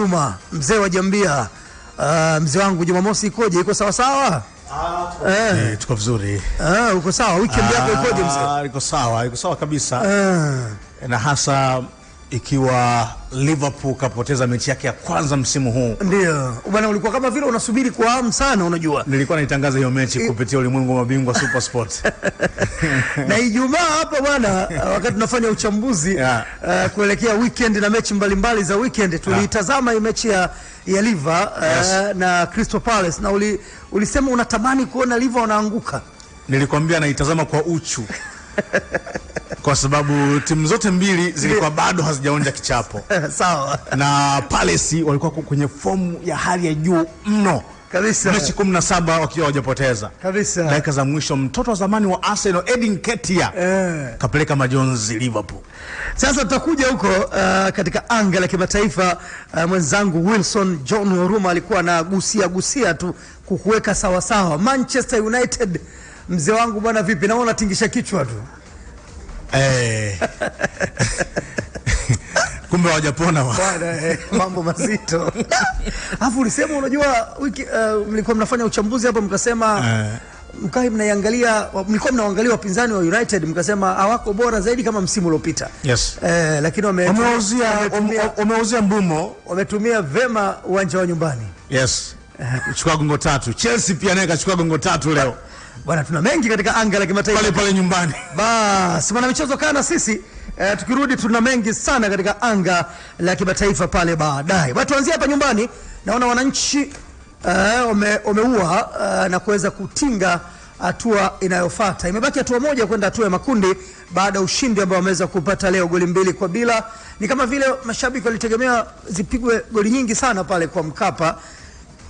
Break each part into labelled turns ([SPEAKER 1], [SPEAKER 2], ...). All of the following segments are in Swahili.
[SPEAKER 1] Nkuruma, mzee wa Jambia. Uh, mzee wangu Jumamosi ikoje? Iko sawa sawa?
[SPEAKER 2] Ah, eh, eh tuko vizuri.
[SPEAKER 1] Ah, uko sawa? Weekend yako ah, ikoje mzee?
[SPEAKER 2] Iko sawa, iko sawa kabisa.
[SPEAKER 1] Ah.
[SPEAKER 2] Na hasa ikiwa Liverpool kapoteza mechi yake ya kwanza msimu huu.
[SPEAKER 1] Ndio bwana, ulikuwa kama vile unasubiri kwa hamu sana. Unajua,
[SPEAKER 2] nilikuwa naitangaza hiyo mechi kupitia ulimwengu wa mabingwa Super Sport
[SPEAKER 1] na Ijumaa hapa bwana, wakati tunafanya uchambuzi yeah. Uh, kuelekea weekend na mechi mbalimbali za weekend tuliitazama yeah. hii mechi ya, ya Liver uh, eh, yes. na Crystal Palace na uli, ulisema unatamani kuona Liver wanaanguka.
[SPEAKER 2] Nilikwambia naitazama kwa uchu kwa sababu timu zote mbili zilikuwa bado hazijaonja kichapo
[SPEAKER 1] sawa.
[SPEAKER 2] Na Palace walikuwa kwenye fomu ya hali ya juu mno kabisa, mechi 17 wakiwa hawajapoteza kabisa. Dakika za mwisho mtoto wa zamani wa Arsenal Edin Ketia eh, kapeleka majonzi Liverpool.
[SPEAKER 1] Sasa tutakuja huko uh, katika anga la kimataifa uh, mwenzangu Wilson John Oruma alikuwa anagusia gusia tu kukuweka sawa Manchester United mzee wangu bwana, vipi? Naona unatingisha kichwa tu
[SPEAKER 2] eh. Kumbe hawajapona
[SPEAKER 1] bwana eh, mambo mazito. Alafu ulisema unajua wiki uh, mlikuwa mnafanya uchambuzi hapa mkasema eh mkawa mnaiangalia mlikuwa mnaangalia wapinzani wa United mkasema hawako bora zaidi kama msimu uliopita. Yes. Eh, lakini
[SPEAKER 2] wameuzia mbumo,
[SPEAKER 1] wametumia vema uwanja wa nyumbani.
[SPEAKER 2] Yes. Eh. Chukua gongo tatu. Chelsea pia naye kachukua gongo tatu leo.
[SPEAKER 1] Bwana, tuna mengi katika anga la kimataifa
[SPEAKER 2] pale pale nyumbani.
[SPEAKER 1] Basi bwana michezo, kana sisi e, tukirudi tuna mengi sana katika anga la kimataifa pale baadaye. Bwana, tuanzie hapa nyumbani. Naona wananchi eh, wameua e, e, na kuweza kutinga hatua inayofuata. Imebaki hatua moja kwenda hatua ya makundi baada ya ushindi ambao wameweza kupata leo goli mbili kwa bila. Ni kama vile mashabiki walitegemea zipigwe goli nyingi sana pale kwa Mkapa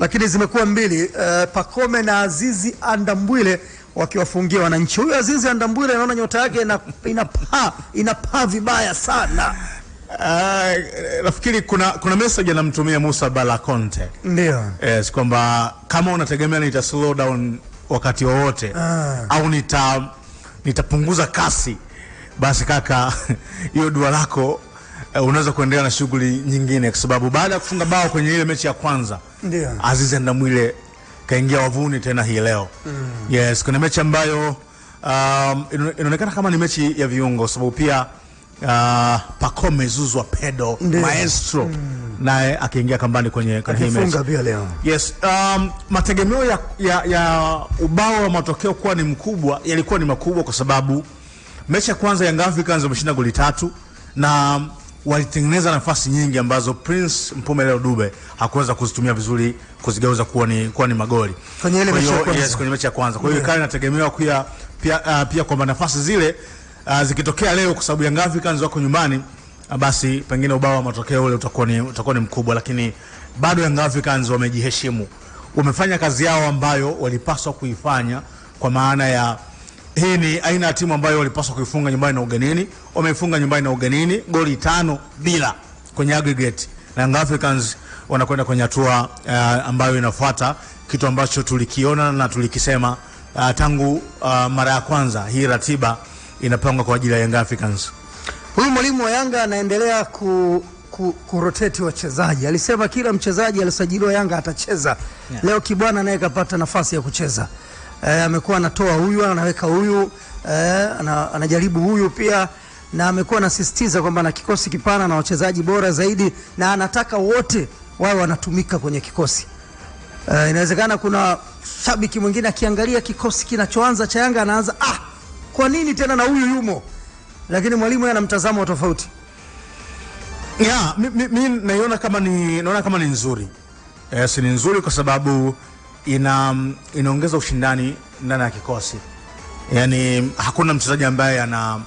[SPEAKER 1] lakini zimekuwa mbili uh, eh, Pacome na Azizi Andambwile wakiwafungia wananchi. Huyu Azizi Andambwile naona nyota yake inapaa inapaa vibaya sana.
[SPEAKER 2] Eh, nafikiri uh, kuna, kuna message anamtumia Musa Balakonte Conte ndio, yes, eh, kwamba kama unategemea nita slow down wakati wowote ah, au nita nitapunguza kasi, basi kaka, hiyo dua lako uh, unaweza kuendelea na shughuli nyingine, kwa sababu baada ya kufunga bao kwenye ile mechi ya kwanza ndio. Azizi Ndamwile kaingia wavuni tena hii leo. Mm. Yes, kuna mechi ambayo um, inaonekana kama ni mechi ya viungo sababu pia uh, Pacome Zouzoua Pedro Maestro mm. naye akiingia kambani kwenye
[SPEAKER 1] hii mechi. leo.
[SPEAKER 2] Yes, um, mategemeo ya, ya, ya ubao wa matokeo kuwa ni mkubwa yalikuwa ni makubwa kwa sababu mechi ya kwanza Young Africans wameshinda goli tatu na walitengeneza nafasi nyingi ambazo Prince Mpumelelo Dube hakuweza kuzitumia vizuri kuzigeuza kuwa ni, kuwa ni magoli kwenye ile mechi ya kwanza. Yes, kwenye mechi ya kwanza. Kwa hiyo yeah. Inategemewa pia pia, uh, pia kwamba nafasi zile uh, zikitokea leo kwa sababu Young Africans wako nyumbani uh, basi pengine ubao wa matokeo ule utakuwa ni, utakuwa ni mkubwa, lakini bado Young Africans wamejiheshimu, wamefanya kazi yao ambayo walipaswa kuifanya kwa maana ya hii ni aina ya timu ambayo walipaswa kuifunga nyumbani na ugenini, wameifunga nyumbani na ugenini goli tano bila kwenye aggregate, na Young Africans wanakwenda kwenye hatua uh, ambayo inafuata, kitu ambacho tulikiona na tulikisema uh, tangu uh, mara ya kwanza hii ratiba inapangwa kwa ajili ya Young Africans.
[SPEAKER 1] Huyu mwalimu wa Yanga anaendelea ku kuroteti wachezaji. Alisema kila mchezaji alisajiliwa Yanga atacheza. Yeah. Leo Kibwana naye kapata nafasi ya kucheza eh, amekuwa anatoa huyu anaweka huyu eh, anajaribu huyu pia, na amekuwa anasisitiza kwamba na kikosi kipana na wachezaji bora zaidi, na anataka wote wawe wanatumika kwenye kikosi. Eh, inawezekana kuna shabiki mwingine akiangalia kikosi kinachoanza cha Yanga anaanza ah, kwa nini tena na huyu yumo? Lakini mwalimu ana mtazamo wa tofauti.
[SPEAKER 2] Yeah, mi, mi, mi naiona kama ni naona kama ni nzuri. Eh, si ni nzuri kwa sababu ina inaongeza ushindani ndani ya kikosi, yaani hakuna mchezaji ambaye ana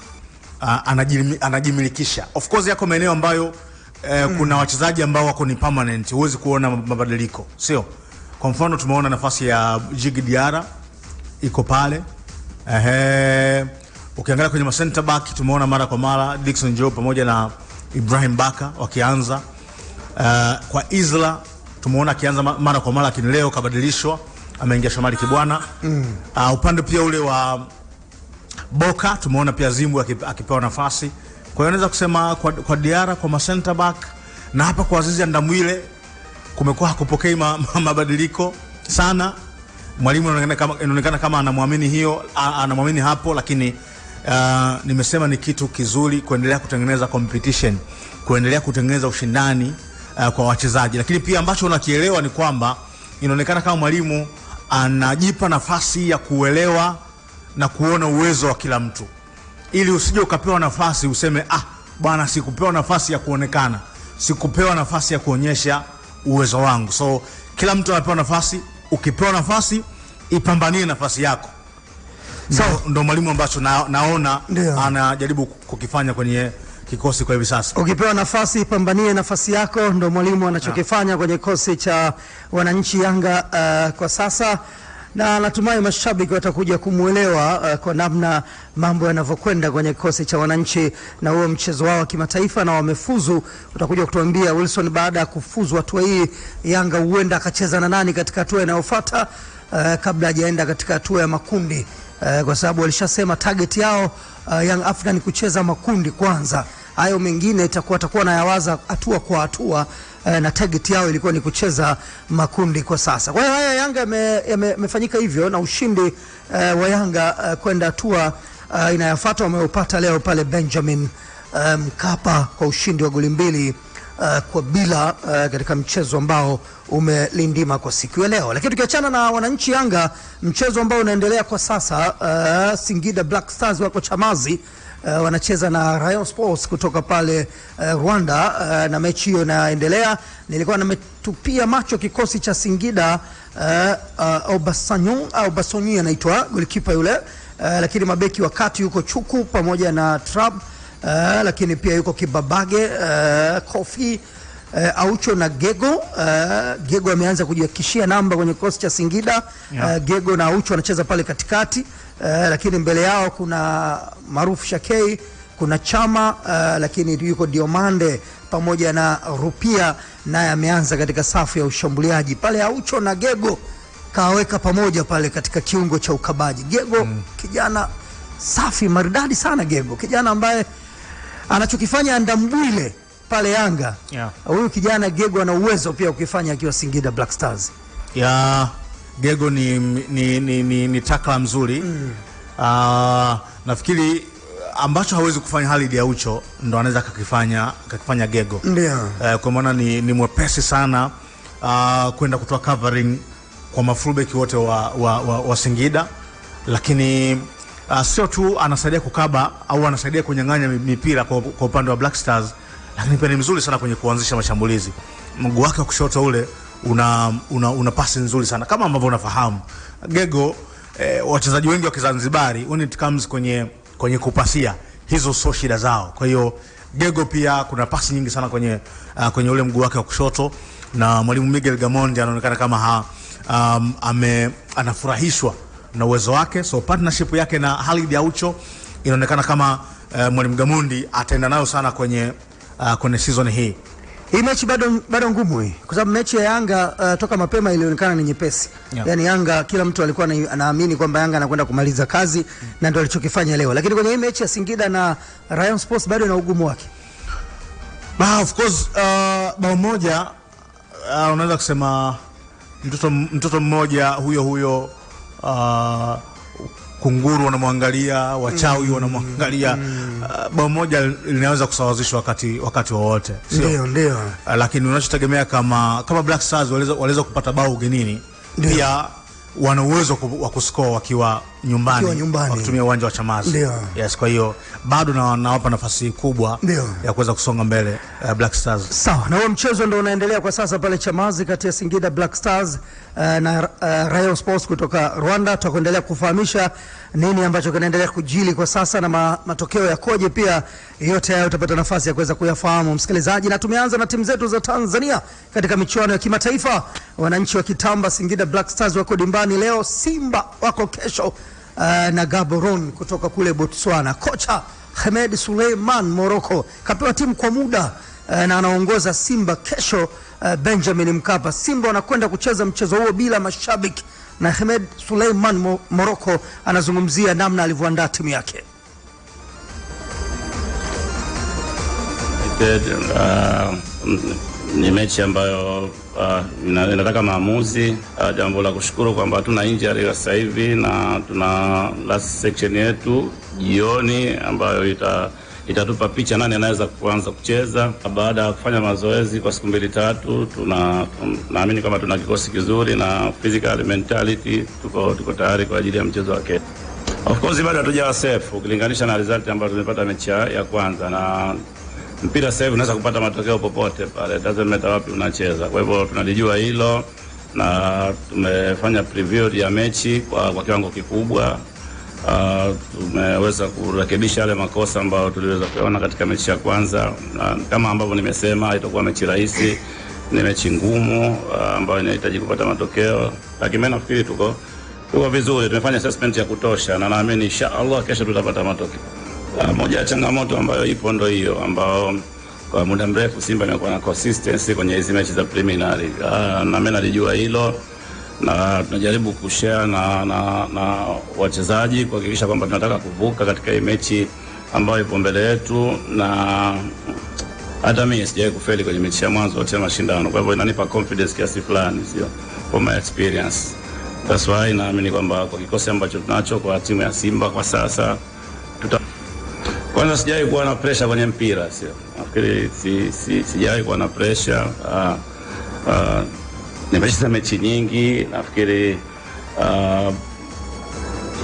[SPEAKER 2] anajimilikisha. Of course yako maeneo ambayo eh, mm. kuna wachezaji ambao wako ni permanent, huwezi kuona mabadiliko, sio? Kwa mfano tumeona nafasi ya Jigi Diara iko pale ehe. Ukiangalia kwenye center back tumeona mara kwa mara Dickson Joe pamoja na Ibrahim Baka wakianza. Uh, kwa Isla tumeona akianza mara kwa mara, lakini leo kabadilishwa, ameingia Shamari Kibwana mm. Uh, upande pia ule wa Boka tumeona pia Zimbu akipewa nafasi. Kwa hiyo naweza kusema kwa, kwa Diara kwa ma center back na hapa kwa Azizi Andamwile kumekuwa hakupokei ma, ma, sana. Mwalimu inaonekana kama anamwamini hiyo, anamwamini hapo, lakini uh, nimesema ni kitu kizuri kuendelea kutengeneza competition, kuendelea kutengeneza ushindani uh, kwa wachezaji, lakini pia ambacho unakielewa ni kwamba inaonekana kama mwalimu anajipa nafasi ya kuelewa na kuona uwezo wa kila mtu, ili usije ukapewa nafasi useme ah, bwana, sikupewa nafasi ya kuonekana, sikupewa nafasi ya kuonyesha uwezo wangu. So kila mtu anapewa nafasi, ukipewa nafasi ipambanie nafasi yako. So ndo mwalimu ambacho na, naona anajaribu kukifanya kwenye kikosi kwa hivi sasa.
[SPEAKER 1] Ukipewa nafasi, pambanie nafasi yako, ndo mwalimu anachokifanya kwenye kikosi cha wananchi Yanga uh, kwa sasa na natumai mashabiki watakuja kumwelewa uh, kwa namna mambo yanavyokwenda kwenye kikosi cha wananchi na huo mchezo wao wa kimataifa, na wamefuzu. Utakuja kutuambia Wilson, baada ya kufuzu hatua hii, Yanga huenda akacheza na nani katika hatua inayofuata, uh, kabla hajaenda katika hatua ya makundi eh, kwa sababu walishasema target yao uh, Young Africa ni kucheza makundi kwanza. Hayo mengine itakuwa atakuwa nayawaza hatua kwa hatua eh, na target yao ilikuwa ni kucheza makundi kwa sasa. Kwa hiyo haya Yanga yamefanyika hivyo na ushindi eh, wa Yanga eh, kwenda hatua eh, inayofuata wameupata leo pale Benjamin eh, Mkapa um, kwa ushindi wa goli mbili uh, kwa bila uh, katika mchezo ambao umelindima kwa siku ya leo. Lakini tukiachana na wananchi Yanga, mchezo ambao unaendelea kwa sasa uh, Singida Black Stars wako Chamazi uh, wanacheza na Rayon Sports kutoka pale uh, Rwanda uh, na mechi hiyo inaendelea. Nilikuwa nametupia macho kikosi cha Singida uh, uh, Obasanyu au ah, Basonyu anaitwa goalkeeper yule uh, lakini mabeki wakati yuko Chuku pamoja na uh, uh, lakini pia yuko Kibabage uh, Kofi uh, Aucho na Gego uh, Gego ameanza kujiakishia namba kwenye kikosi cha Singida yeah. uh, Gego na Aucho anacheza pale katikati uh, lakini mbele yao kuna Maruf Shakei kuna Chama uh, lakini yuko Diomande pamoja na Rupia naye ameanza katika safu ya ushambuliaji pale. Aucho na Gego kaweka pamoja pale katika kiungo cha ukabaji Gego mm. kijana safi maridadi sana Gego kijana ambaye Anachokifanya andambwile pale Yanga huyu yeah. Kijana Gego ana uwezo pia ukifanya akiwa Singida Black Stars
[SPEAKER 2] yeah. Gego ni, ni, ni, ni, ni takla mzuri mm. Uh, nafikiri ambacho hawezi kufanya Khalid Aucho ndo anaweza kakifanya, kakifanya Gego yeah. Uh, kwa maana ni, ni mwepesi sana uh, kwenda kutoa covering kwa mafulbeki wote wa, wa, wa, wa Singida lakini uh, sio tu anasaidia kukaba au anasaidia kunyang'anya mipira kwa, kwa upande wa Black Stars, lakini pia ni mzuri sana kwenye kuanzisha mashambulizi. Mguu wake wa kushoto ule una, una, una pasi nzuri sana kama ambavyo unafahamu Gego. Eh, wachezaji wengi wa Kizanzibari when it comes kwenye, kwenye kupasia hizo sio shida zao. Kwa hiyo Gego pia kuna pasi nyingi sana kwenye, uh, kwenye ule mguu wake wa kushoto na mwalimu Miguel Gamondi anaonekana kama ha, um, ame, anafurahishwa na uwezo wake, so partnership yake na Halid Aucho inaonekana kama uh, Mwalimu Gamundi ataenda nayo sana kwenye uh, kwenye season hii.
[SPEAKER 1] Hii mechi bado bado ngumu hii kwa sababu mechi ya Yanga uh, toka mapema ilionekana ni nyepesi. Yeah. Yaani Yanga kila mtu alikuwa anaamini kwamba Yanga anakwenda kumaliza kazi mm, na ndio alichokifanya leo. Lakini kwenye hii mechi ya Singida na Rayon Sports bado ina ugumu wake.
[SPEAKER 2] Ma, of course uh, bao moja uh, unaweza kusema mtoto mtoto mmoja huyo huyo uh, kunguru wanamwangalia, wachawi wanamwangalia. mm. Uh, bao moja linaweza kusawazishwa wakati wakati wowote,
[SPEAKER 1] ndio ndio.
[SPEAKER 2] Uh, lakini unachotegemea kama kama Black Stars waliweza kupata bao ugenini, Pia wana uwezo wa kuscore wakiwa nyumbani, nyumbani, wakitumia uwanja wa Chamazi. Ndio. Yes, kwa hiyo bado na nawapa nafasi kubwa Ndio. ya kuweza kusonga mbele uh, Black Stars.
[SPEAKER 1] Sawa, na huo mchezo ndio unaendelea kwa sasa pale Chamazi kati ya Singida Black Stars uh, na uh, Rayon Sports kutoka Rwanda. Tutakuendelea kufahamisha nini ambacho kinaendelea kujili kwa sasa na ma, matokeo yakoje, pia yote hayo utapata nafasi ya kuweza kuyafahamu msikilizaji, na tumeanza na timu zetu za Tanzania katika michuano ya kimataifa. Wananchi wa Kitamba Singida Black Stars wako dimbani leo, Simba wako kesho uh, na Gaborone kutoka kule Botswana. Kocha Hemed Suleiman Morocco kapewa timu kwa muda uh, na anaongoza Simba kesho uh, Benjamin Mkapa. Simba wanakwenda kucheza mchezo huo bila mashabiki, na Hemed Suleiman Morocco anazungumzia namna alivyoandaa timu yake.
[SPEAKER 3] uh, ni mechi ambayo uh, inataka maamuzi. Uh, jambo la kushukuru kwamba hatuna injury sasa hivi na tuna last section yetu jioni ambayo ita itatupa picha nani anaweza kuanza kucheza baada ya kufanya mazoezi kwa siku mbili tatu. Tuna naamini kwamba tuna kikosi kizuri na physical mentality, tuko tuko tayari kwa ajili ya mchezo wa kesho. Of course bado hatujawa safe ukilinganisha na result ambayo tumepata mechi ya kwanza na mpira sasa hivi unaweza kupata matokeo popote pale, doesn't matter wapi unacheza. Kwa hivyo tunalijua hilo na tumefanya preview ya mechi kwa, kwa kiwango kikubwa. Uh, tumeweza kurekebisha yale makosa ambayo tuliweza kuona katika mechi ya kwanza, na kama ambavyo nimesema, itakuwa mechi rahisi, ni mechi ngumu uh, ambayo inahitaji kupata matokeo, lakini mimi nafikiri tuko tuko vizuri, tumefanya assessment ya kutosha, na naamini insha Allah kesho tutapata matokeo. Uh, Moja ya changamoto ambayo ipo ndo hiyo ambao kwa muda mrefu Simba imekuwa na consistency kwenye hizi mechi za preliminary, Uh, na mimi nalijua hilo, na tunajaribu kushare na, na, na wachezaji kuhakikisha kwamba tunataka kuvuka katika hii mechi ambayo ipo mbele yetu, na hata mimi sijawahi kufeli kwenye mechi ya mwanzo wote mashindano, kwa hivyo inanipa confidence kiasi fulani, sio for my experience. That's why naamini kwamba kwa kikosi ambacho tunacho kwa timu ya Simba kwa sasa kwanza sijawahi kuwa na presha kwenye mpira, sio nafikiri, si, si, sijawahi kuwa na presha uh, ah, nimecheza mechi nyingi nafikiri ah,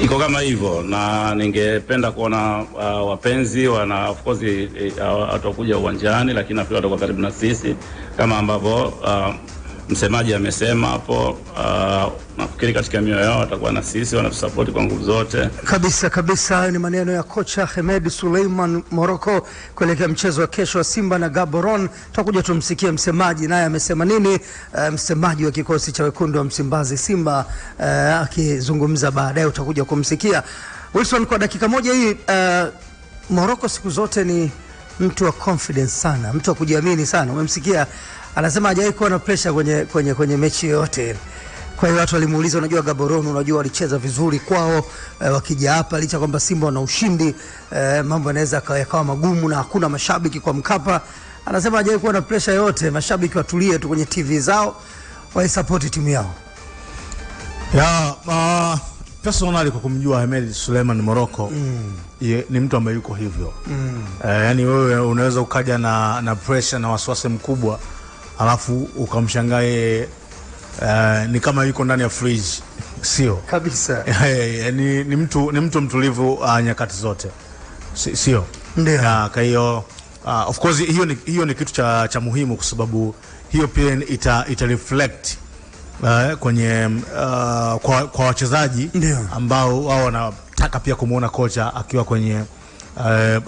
[SPEAKER 3] iko kama hivyo, na ningependa kuona uh, wapenzi wana of course uh, uwanjani, lakini nafikiri watakuwa karibu na sisi kama ambavyo uh, msemaji amesema hapo. Uh, nafikiri katika mioyo yao watakuwa na sisi, wanatusapoti kwa nguvu zote
[SPEAKER 1] kabisa kabisa. Hayo ni maneno ya kocha Hemed Suleiman Moroko kuelekea mchezo wa kesho wa Simba na Gaborone. Tutakuja tumsikie msemaji naye amesema nini, uh, msemaji wa kikosi cha wekundu wa Msimbazi Simba uh, akizungumza baadaye, utakuja kumsikia Wilson kwa dakika moja hii. Uh, eh, Moroko siku zote ni mtu wa confidence sana, mtu wa kujiamini sana. Umemsikia anasema hajawahi kuwa na pressure kwenye, kwenye, kwenye mechi yoyote. Kwa hiyo watu walimuuliza, unajua Gaborone, unajua walicheza vizuri kwao e, wakija hapa licha kwamba Simba wana ushindi e, mambo yanaweza yakawa magumu na hakuna mashabiki kwa Mkapa. Anasema hajawahi kuwa na pressure yoyote, mashabiki watulie tu kwenye TV zao waisapoti timu yao
[SPEAKER 2] ya, uh, personally kwa kumjua Ahmed Suleiman Morocco mm. Ye, ni mtu ambaye yuko hivyo mm. Uh, yani wewe unaweza ukaja na, na pressure na wasiwasi mkubwa alafu ukamshangae uh, ni kama yuko ndani ya fridge, sio
[SPEAKER 1] kabisa.
[SPEAKER 2] Eh, eh, ni, ni, mtu, ni mtu mtulivu uh, nyakati zote sio ndio? Ah, kwa hiyo uh, of course hiyo ni, hiyo ni kitu cha, cha muhimu kwa sababu hiyo pia ita, ita reflect uh, kwenye uh, kwa, kwa wachezaji ambao wao wanataka pia kumwona kocha akiwa kwenye uh,